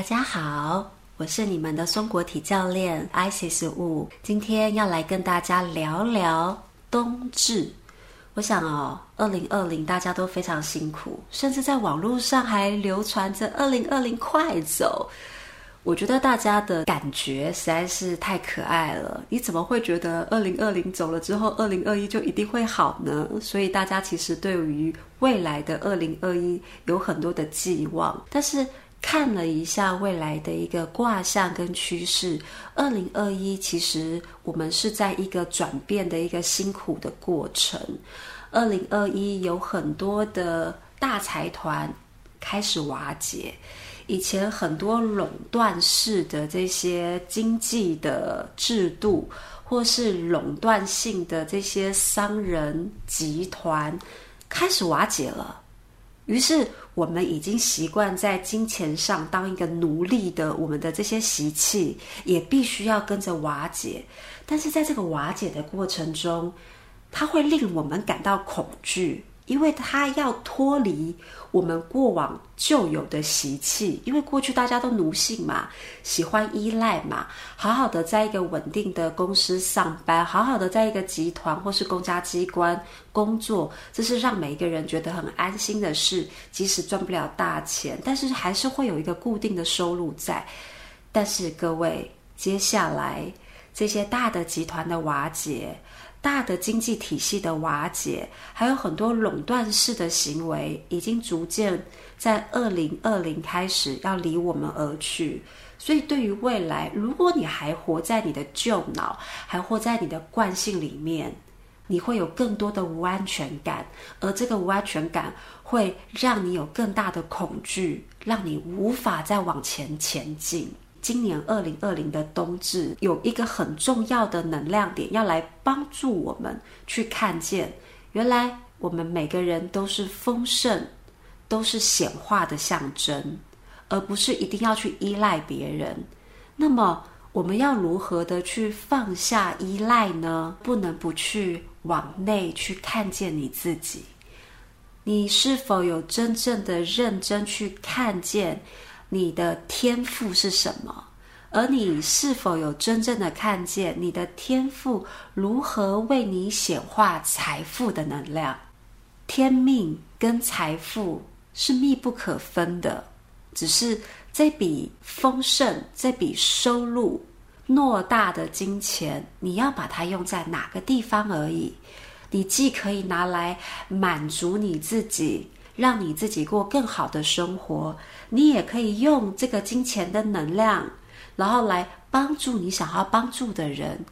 大家好，我是你們的松果體教練 Isis Wu，今天要來跟大家聊聊冬至。我想哦，二零二零大家都非常辛苦，甚至在網絡上還流傳着“二零二零快走”。我覺得大家的感覺實在是太可愛了。你怎麼會覺得二零二零走了之後，二零二一就一定會好呢？所以大家其實對於未來的二零二一有很多的寄望，但是，看了一下未來的一個卦象跟趨勢，二零二一其實我們是在一個轉變的一個辛苦的過程。二零二一有很多的大財團開始瓦解，以前很多壟斷式的這些經濟的制度，或是壟斷性的這些商人集團開始瓦解了。於是，我們已經習慣在金錢上當一個奴隸的，我們的這些習氣也必須要跟着瓦解。但是，在這個瓦解的過程中，它會令我們感到恐懼。因為他要脫離我們過往舊有的習氣，因為過去大家都奴性嘛，喜歡依賴嘛，好好的在一個穩定的公司上班，好好的在一個集團或是公家機關工作，這是讓每一個人覺得很安心的事。即使賺不了大錢，但是還是會有一個固定的收入在。但是各位，接下來這些大的集團的瓦解。大的經濟體系的瓦解，還有很多壟斷式的行為，已經逐漸在二零二零開始要離我們而去。所以，對於未來，如果你還活在你的舊腦，還活在你的慣性裡面，你會有更多的無安全感，而這個無安全感會讓你有更大的恐懼，讓你無法再往前前進。今年二零二零的冬至，有一個很重要的能量點，要來幫助我們去看見，原來我們每個人都是豐盛，都是顯化的象徵，而不是一定要去依賴別人。那麼，我們要如何的去放下依賴呢？不能不去往內去看見你自己，你是否有真正的認真去看見？你的天賦是什麼？而你是否有真正的看見你的天賦如何為你顯化財富的能量？天命跟財富是密不可分的，只是這筆豐盛、這筆收入，偌大的金錢，你要把它用在哪個地方而已？你既可以拿來滿足你自己。讓你自己過更好的生活，你也可以用這個金錢的能量，然後來幫助你想要幫助的人，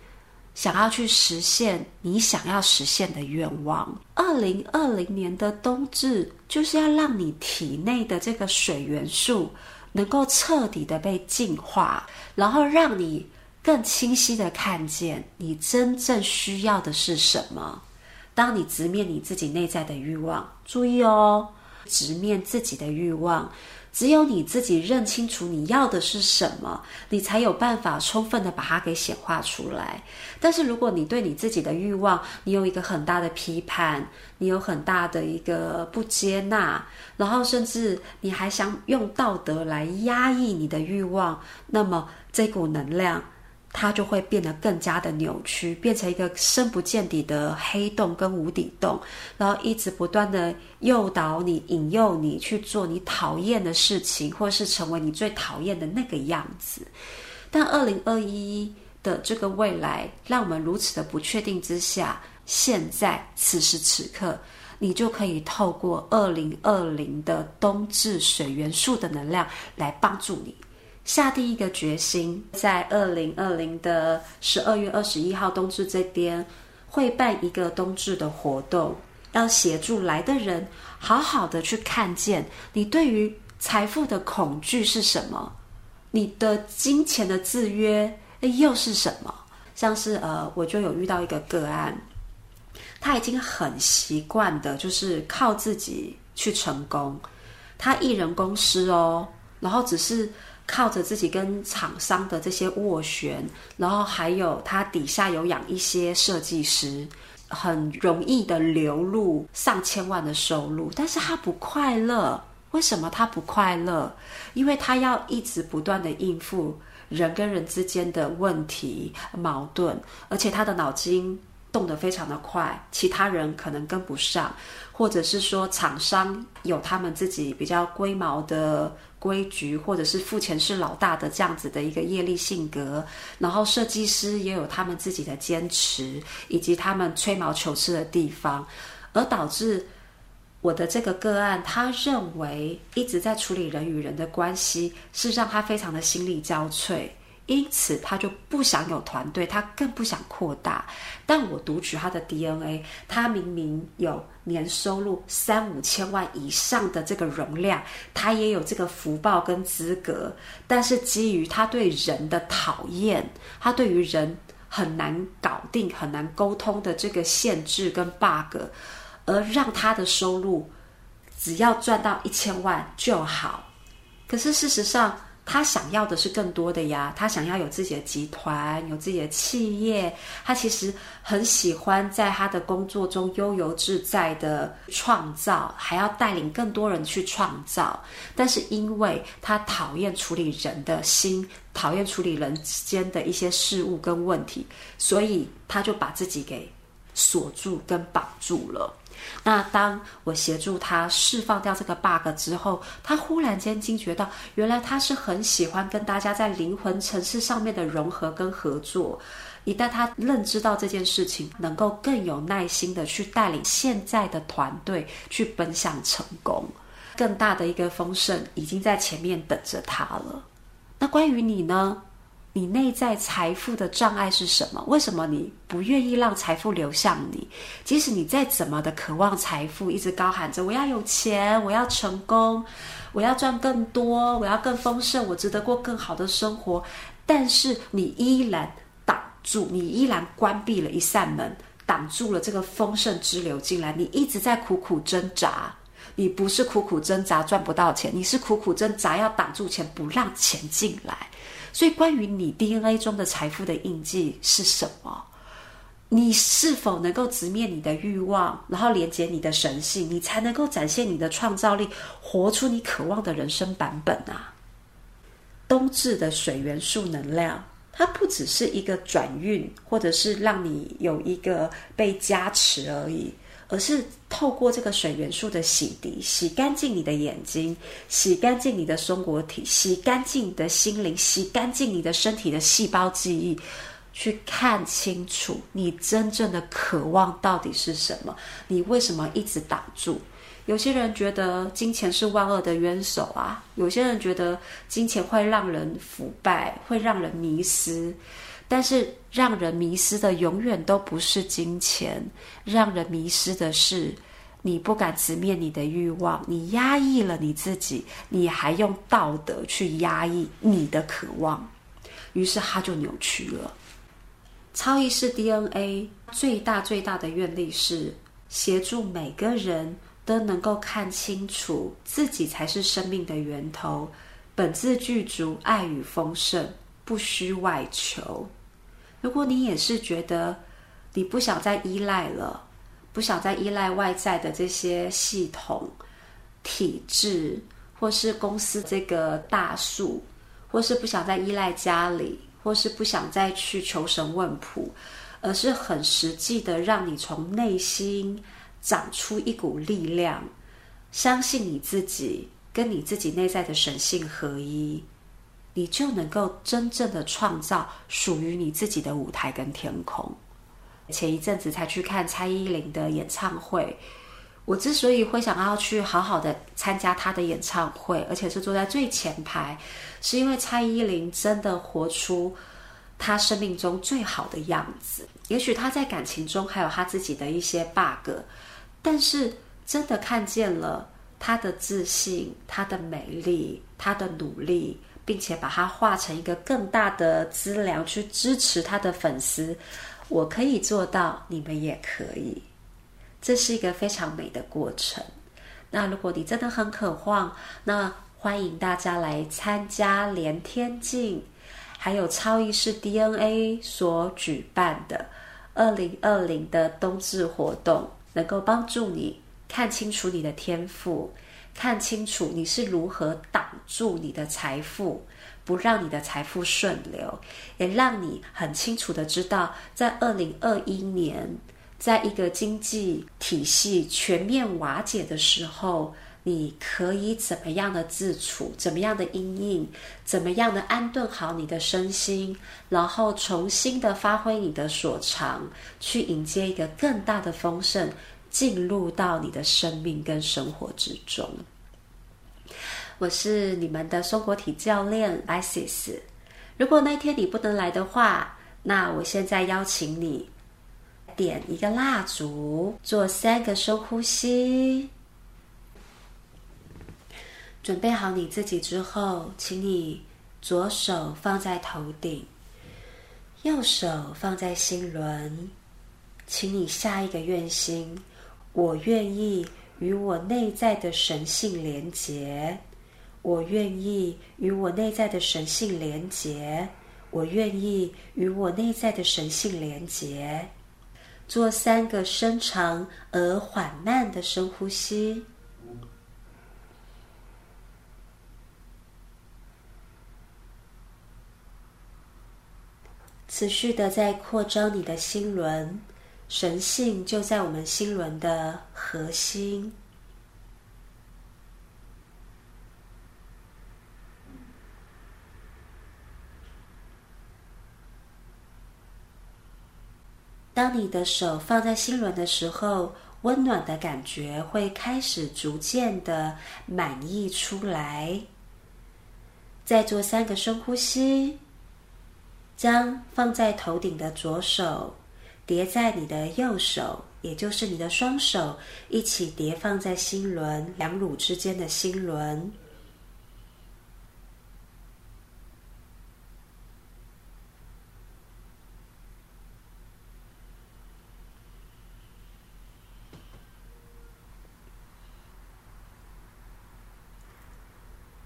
想要去實現你想要實現的願望。2020年的冬至就是要讓你體內的這個水元素能夠徹底的被淨化，然後讓你更清晰的看見你真正需要的是什麼。當你直面你自己內在的慾望，注意哦。直面自己的慾望，只有你自己認清楚你要的是什麼，你才有辦法充分的把它給顯化出來。但是如果你對你自己的慾望，你有一個很大的批判，你有很大的一個不接納，然後甚至你還想用道德來壓抑你的慾望，那麼這股能量，它就會變得更加的扭曲，變成一個深不見底的黑洞跟無底洞，然後一直不斷的誘導你、引誘你去做你討厭的事情，或是成為你最討厭的那個樣子。但二零二一的這個未來，讓我們如此的不確定之下，現在此時此刻，你就可以透過二零二零的冬至水元素的能量來幫助你。下定一個決心，在二零二零的十二月二十一號冬至這邊會辦一個冬至的活動，要協助來的人好好的去看見你對於財富的恐懼是什麼，你的金錢的制約又是什麼？像是呃，我就有遇到一個個案，他已經很習慣的，就是靠自己去成功，他一人公司哦，然後只是。靠着自己跟廠商的這些斡旋，然後還有他底下有養一些設計師，很容易的流入上千萬的收入。但是他不快樂，為什麼他不快樂？因為他要一直不斷的應付人跟人之間的問題矛盾，而且他的腦筋動得非常的快，其他人可能跟不上，或者是說廠商有他們自己比較龜毛的。危局，或者是付錢是老大的這樣子的一個業力性格，然後設計師也有他們自己的堅持，以及他們吹毛求疵的地方，而導致我的這個個案，他認為一直在處理人與人的關係，是讓他非常的心力交瘁。因此，他就不想有團隊，他更不想擴大。但我讀取他的 DNA，他明明有年收入三五千萬以上的這個容量，他也有這個福報跟資格。但是，基於他對人的討厭，他對於人很難搞定、很難溝通的這個限制跟 bug，而讓他的收入只要賺到一千萬就好。可是，事實上。他想要的是更多的呀，他想要有自己的集團，有自己的企業。他其實很喜歡在他的工作中悠游自在的創造，還要帶領更多人去創造。但是因為他討厭處理人的心，討厭處理人之間的一些事物跟問題，所以他就把自己給鎖住跟綁住了。那當我協助他釋放掉這個 bug 之後，他忽然間驚覺到，原來他是很喜歡跟大家在靈魂層次上面的融合跟合作。一旦他認知到這件事情，能夠更有耐心的去帶領現在的團隊去奔向成功，更大的一個豐盛已經在前面等着他了。那關於你呢？你內在財富的障礙是什麼？為什麼你不願意讓財富流向你？即使你再怎麼的渴望財富，一直高喊着“我要有錢，我要成功，我要賺更多，我要更豐盛，我值得過更好的生活”，但是你依然擋住，你依然關閉了一扇門，擋住了這個豐盛之流進來。你一直在苦苦掙扎，你不是苦苦掙扎賺不到錢，你是苦苦掙扎要擋住錢，不讓錢進來。所以，關於你 DNA 中的財富的印記是什麼？你是否能夠直面你的欲望，然後連接你的神性，你才能夠展現你的創造力，活出你渴望的人生版本啊！冬至的水元素能量，它不只是一個轉運，或者是讓你有一個被加持而已。而是透過這個水元素的洗滌，洗乾淨你的眼睛，洗乾淨你的松果體，洗乾淨你的心靈，洗乾淨你的身體的細胞記憶，去看清楚你真正的渴望到底是什麼？你為什麼一直擋住？有些人覺得金錢是萬惡的淵藪啊，有些人覺得金錢會讓人腐敗，會讓人迷失。但是讓人迷失的永遠都不是金錢，讓人迷失的是你不敢直面你的慾望，你壓抑了你自己，你還用道德去壓抑你的渴望，於是它就扭曲了。超意識 DNA 最大最大的願力是協助每個人都能夠看清楚自己才是生命的源頭，本自具足，愛與豐盛不需外求。如果你也是覺得你不想再依賴了，不想再依賴外在的這些系統、體制，或是公司這個大樹，或是不想再依賴家裡，或是不想再去求神問卜，而是很實際的讓你從內心長出一股力量，相信你自己，跟你自己內在的神性合一。你就能夠真正的創造屬於你自己的舞台跟天空。前一陣子才去看蔡依林的演唱會，我之所以會想要去好好的參加她的演唱會，而且是坐在最前排，是因為蔡依林真的活出她生命中最好的樣子。也許她在感情中還有她自己的一些 bug，但是真的看見了她的自信、她的美麗、她的努力。並且把它化成一個更大的資料去支持他的粉絲，我可以做到，你們也可以。這是一個非常美的過程。那如果你真的很渴望，那歡迎大家來參加連天鏡還有超意識 DNA 所舉辦的二零二零的冬至活動，能夠幫助你看清楚你的天賦。看清楚你是如何擋住你的財富，不讓你的財富順流，也讓你很清楚的知道，在二零二一年，在一個經濟體系全面瓦解的時候，你可以怎麼樣的自處，怎麼樣的因應，怎麼樣的安頓好你的身心，然後重新的發揮你的所長，去迎接一個更大的豐盛，進入到你的生命跟生活之中。我是你們的生活體教練 Isis。如果那天你不能來的話，那我現在邀請你點一個蠟燭，做三個深呼吸，準備好你自己之後，請你左手放在頭頂，右手放在心輪，請你下一個願心。我願意與我內在的神性連結，我願意與我內在的神性連結，我願意與我內在的神性連結。做三個深長而緩慢的深呼吸，持續的在擴張你的心輪。神性就在我們心輪的核心。當你的手放在心輪的時候，溫暖的感覺會開始逐漸的滿溢出來。再做三個深呼吸，將放在頭頂的左手。疊在你的右手，也就是你的雙手一起疊放在心輪、兩乳之間的心輪，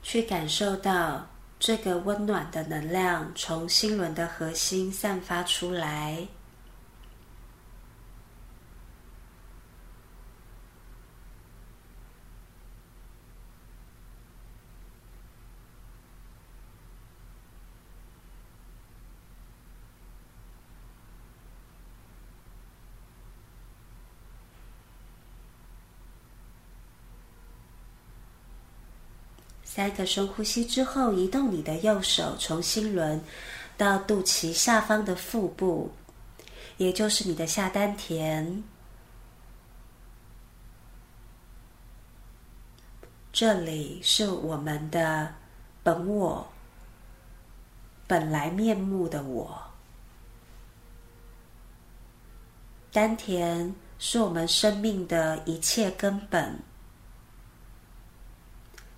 去感受到這個溫暖的能量從心輪的核心散發出來。再一個深呼吸之後，移動你的右手，從心輪到肚臍下方的腹部，也就是你的下丹田。這裡是我們的本我、本來面目的我。丹田是我們生命的一切根本。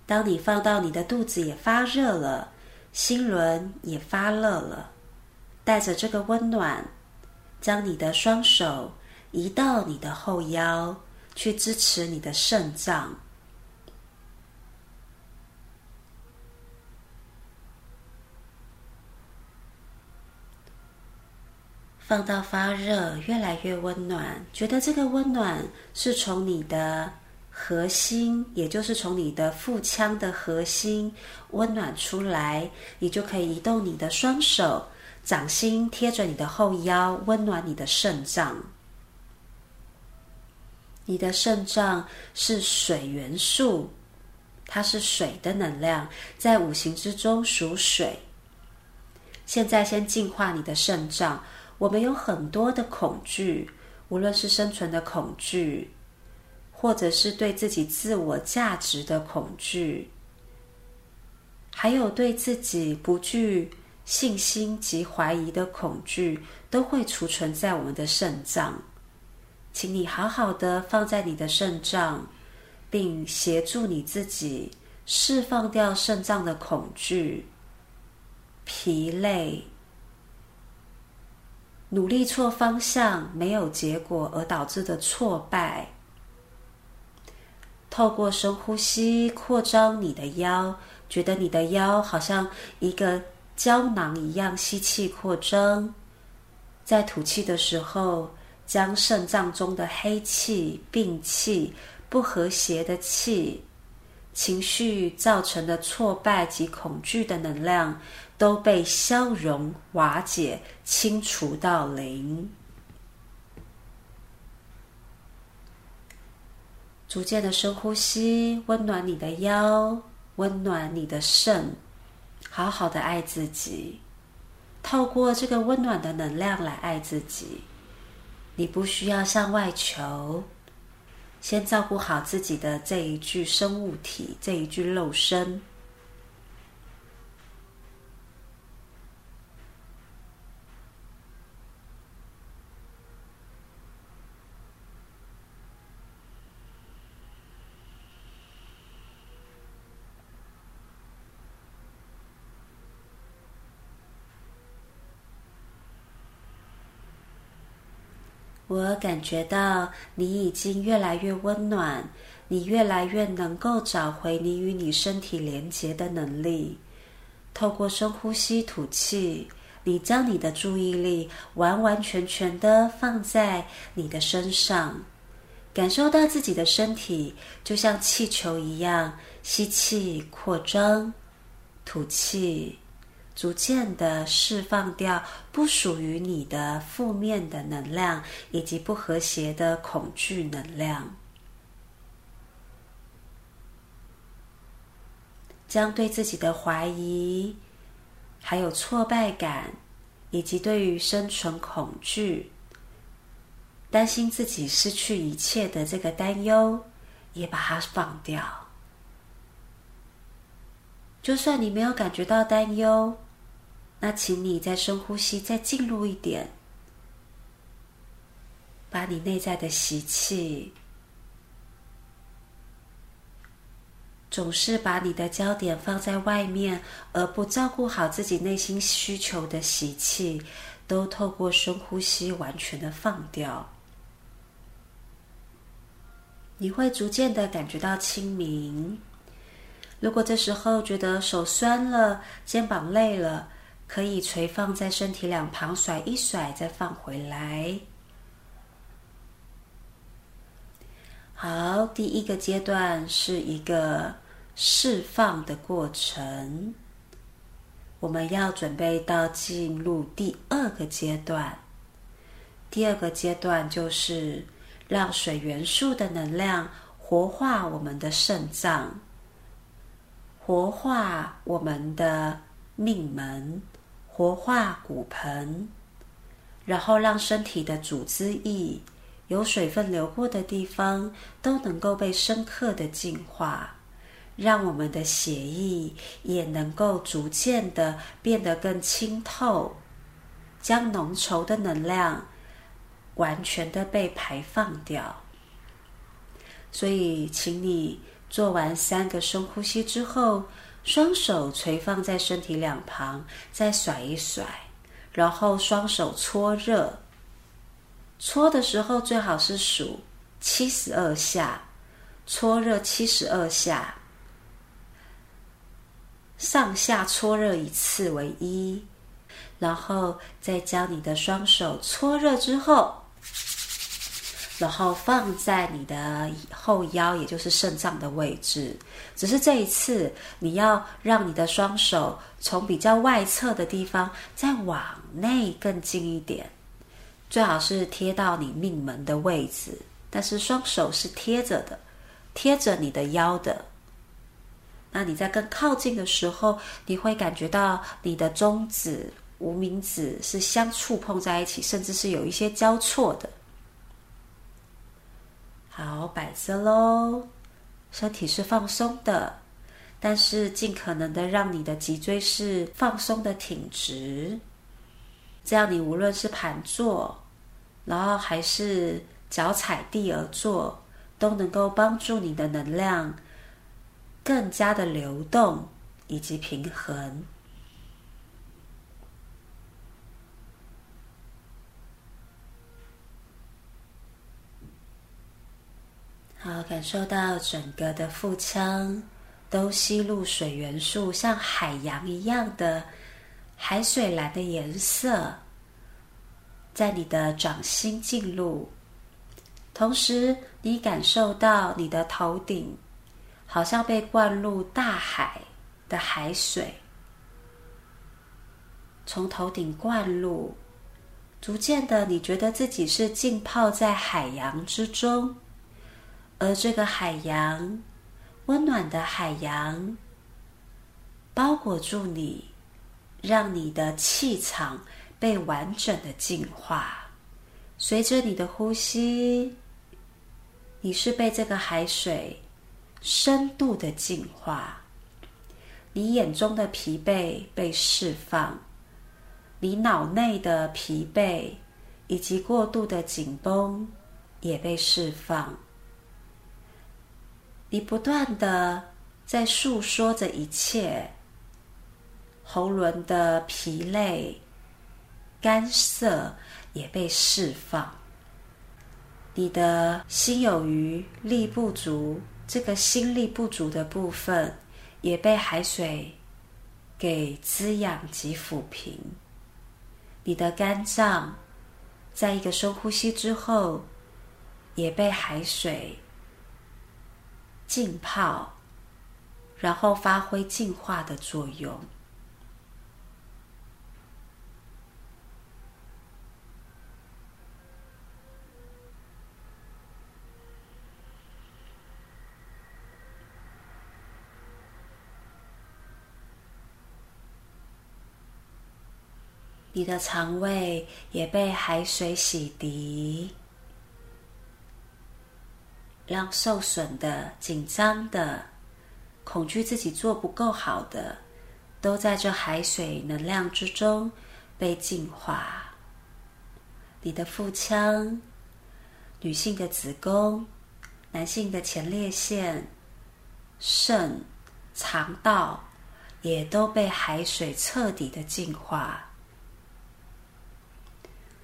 當你放到你的肚子也發熱了，心輪也發熱了，帶着這個溫暖，將你的雙手移到你的後腰，去支持你的腎臟，放到發熱，越來越溫暖，覺得這個溫暖是從你的。核心，也就是從你的腹腔的核心溫暖出來，你就可以移動你的雙手，掌心貼着你的後腰，溫暖你的腎臟。你的腎臟是水元素，它是水的能量，在五行之中屬水。現在先淨化你的腎臟，我們有很多的恐懼，無論是生存的恐懼。或者是對自己自我價值的恐懼，還有對自己不具信心及懷疑的恐懼，都會儲存在我們的腎臟。請你好好的放在你的腎臟，並協助你自己釋放掉腎臟的恐懼、疲累、努力錯方向，沒有結果而導致的挫敗。透過深呼吸擴張你的腰，覺得你的腰好像一個膠囊一樣吸氣擴張，在吐氣的時候，將腎臟中的黑氣、病氣、不和諧的氣、情緒造成的挫敗及恐懼的能量都被消融、瓦解、清除到零。逐漸的深呼吸，溫暖你的腰，溫暖你的腎，好好的愛自己。透過這個溫暖的能量來愛自己，你不需要向外求，先照顧好自己的這一具生物體，這一具肉身。我感覺到你已經越來越溫暖，你越來越能夠找回你與你身體連接的能力。透過深呼吸吐氣，你將你的注意力完完全全的放在你的身上，感受到自己的身體就像氣球一樣，吸氣擴張，吐氣。逐漸的釋放掉不屬於你的負面的能量，以及不和諧的恐懼能量，將對自己的懷疑，還有挫敗感，以及對於生存恐懼、擔心自己失去一切的這個擔憂，也把它放掉。就算你沒有感覺到擔憂。那，請你再深呼吸，再進入一點，把你內在的習氣，總是把你的焦點放在外面，而不照顧好自己內心需求的習氣，都透過深呼吸完全的放掉。你會逐漸的感覺到清明。如果這時候覺得手酸了，肩膀累了，可以垂放在身體兩旁，甩一甩，再放回來。好，第一個階段是一個釋放的過程，我們要準備到進入第二個階段。第二個階段就是讓水元素的能量活化我們的腎臟，活化我們的，命門活化骨盆，然後讓身體的組織液有水分流過的地方都能夠被深刻的淨化，讓我們的血液也能夠逐漸的變得更清透，將濃稠的能量完全的被排放掉。所以，請你做完三個深呼吸之後。雙手垂放在身體兩旁，再甩一甩，然後雙手搓熱。搓的時候最好是數七十二下，搓熱七十二下，上下搓熱一次為一，然後再將你的雙手搓熱之後。然後放在你的後腰，也就是腎臟的位置。只是這一次，你要讓你的雙手從比較外側的地方，再往內更近一點，最好是貼到你命門的位置。但是雙手是貼着的，貼着你的腰的。那你在更靠近的時候，你會感覺到你的中指、無名指是相觸碰在一起，甚至是有一些交錯的。好，擺姿嘍。身體是放鬆的，但是盡可能的讓你的脊椎是放鬆的挺直，這樣你無論是盤坐，然後還是腳踩地而坐，都能夠幫助你的能量更加的流動以及平衡。好，感受到整個的腹腔都吸入水元素，像海洋一樣的海水藍的顏色，在你的掌心進入。同時，你感受到你的頭頂好像被灌入大海的海水，從頭頂灌入，逐漸的，你覺得自己是浸泡在海洋之中。而這個海洋，溫暖的海洋，包裹住你，讓你的氣場被完整的淨化。隨着你的呼吸，你是被這個海水深度的淨化。你眼中的疲憊被釋放，你腦內的疲憊以及過度的緊繃也被釋放。你不斷的在訴說着一切，喉輪的疲累、乾澀也被釋放。你的心有餘力不足，這個心力不足的部分也被海水給滋養及撫平。你的肝臟，在一個深呼吸之後，也被海水，浸泡，然後發揮淨化的作用。你的腸胃也被海水洗滌。讓受損的、緊張的、恐懼自己做不夠好的，都在這海水能量之中被淨化。你的腹腔、女性的子宮、男性的前列腺、腎、腸道，也都被海水徹底的淨化。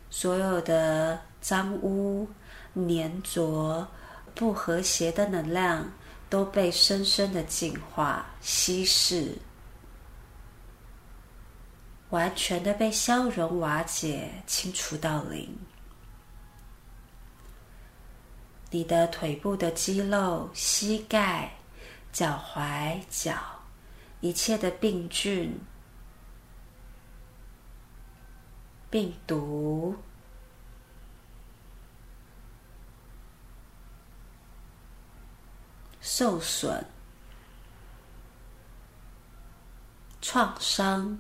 所有的髒污、粘着不和諧的能量都被深深的淨化、稀釋，完全的被消融、瓦解、清除到零。你的腿部的肌肉、膝蓋、腳踝、腳，一切的病菌、病毒。受損、創傷、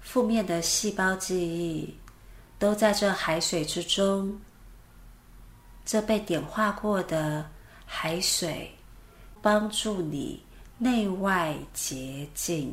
負面的細胞記憶，都在這海水之中。這被點化過的海水，幫助你內外潔淨。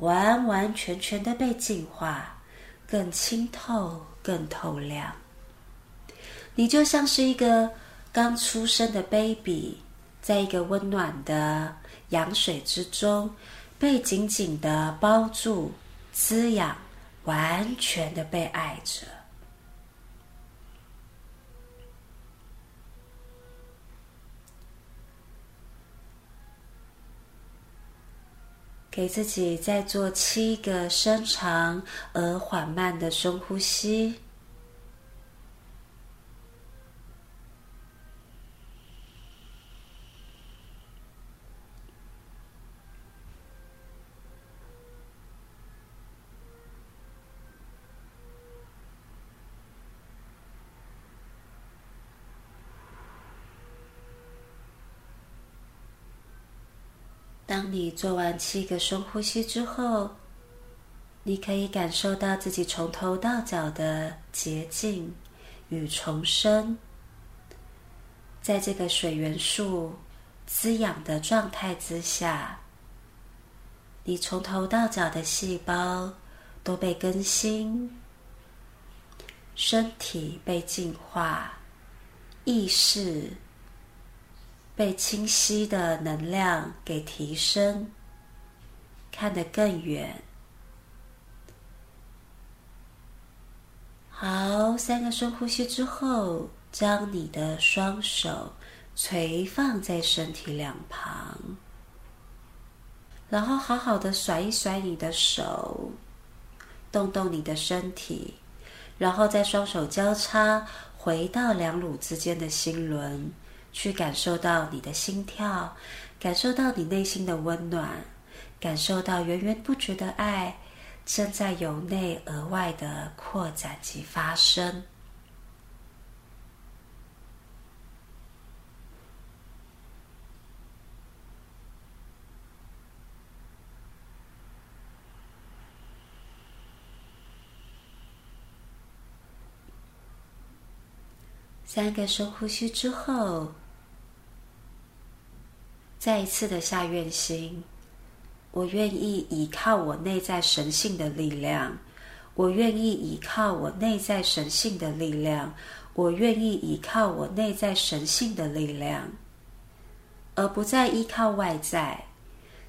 完完全全的被淨化，更清透、更透亮。你就像是一個剛出生的 baby，在一個溫暖的羊水之中，被緊緊的包住、滋養，完全的被愛着。給自己再做七個深長而緩慢的深呼吸。當你做完七個深呼吸之後，你可以感受到自己從頭到腳的潔淨與重生。在這個水元素滋養的狀態之下，你從頭到腳的細胞都被更新，身體被淨化，意識，被清晰的能量給提升，看得更遠。好，三個深呼吸之後，將你的雙手垂放在身體兩旁，然後好好的甩一甩你的手，動動你的身體，然後再雙手交叉，回到兩乳之間的心輪。去感受到你的心跳，感受到你內心的溫暖，感受到源源不絕的愛正在由內而外的擴展及發生。三個深呼吸之後。再一次的下願心，我願意依靠我內在神性的力量，我願意依靠我內在神性的力量，我願意依靠我內在神性的力量，而不再依靠外在，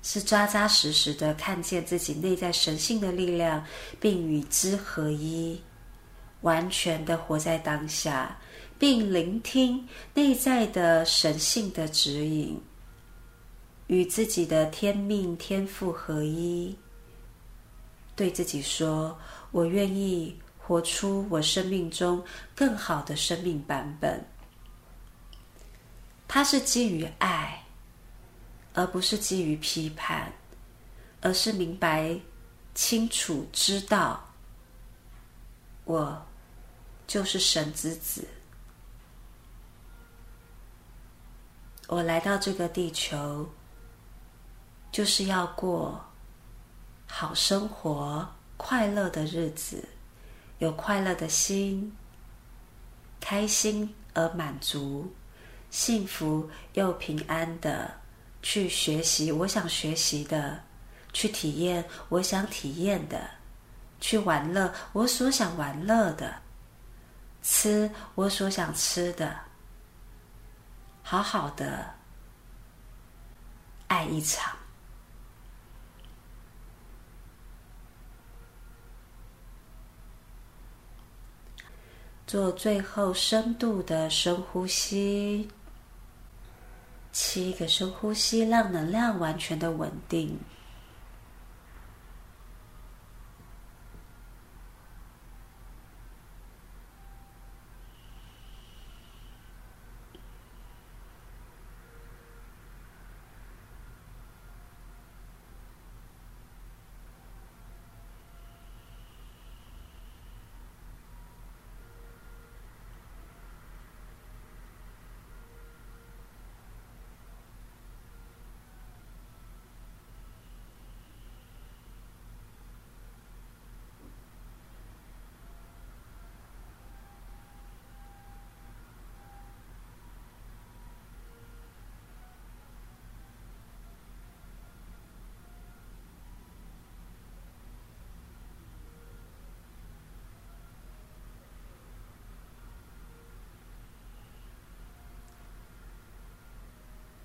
是扎扎實實的看見自己內在神性的力量，並與之合一，完全的活在當下，並聆聽內在的神性的指引。與自己的天命、天賦合一，對自己說：“我願意活出我生命中更好的生命版本。”它是基於愛，而不是基於批判，而是明白、清楚、知道，我就是神之子，我來到這個地球。就是要過好生活，快樂的日子，有快樂的心，開心而滿足，幸福又平安的去學習我想學習的，去體驗我想體驗的，去玩樂我所想玩樂的，吃我所想吃的，好好的愛一場。做最後深度的深呼吸，七個深呼吸，讓能量完全的穩定。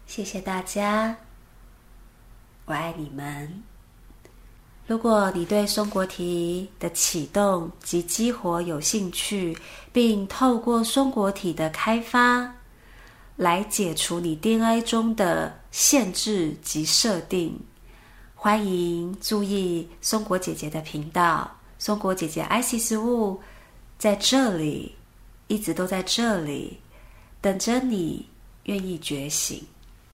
謝謝大家，我愛你們。如果你對松果體的啟動及激活有興趣，並透過松果體的開發來解除你 DNA 中的限制及設定，歡迎注意松果姐姐的頻道。松果姐姐 IC 事物在這裡，一直都在這裡，等着你願意覺醒。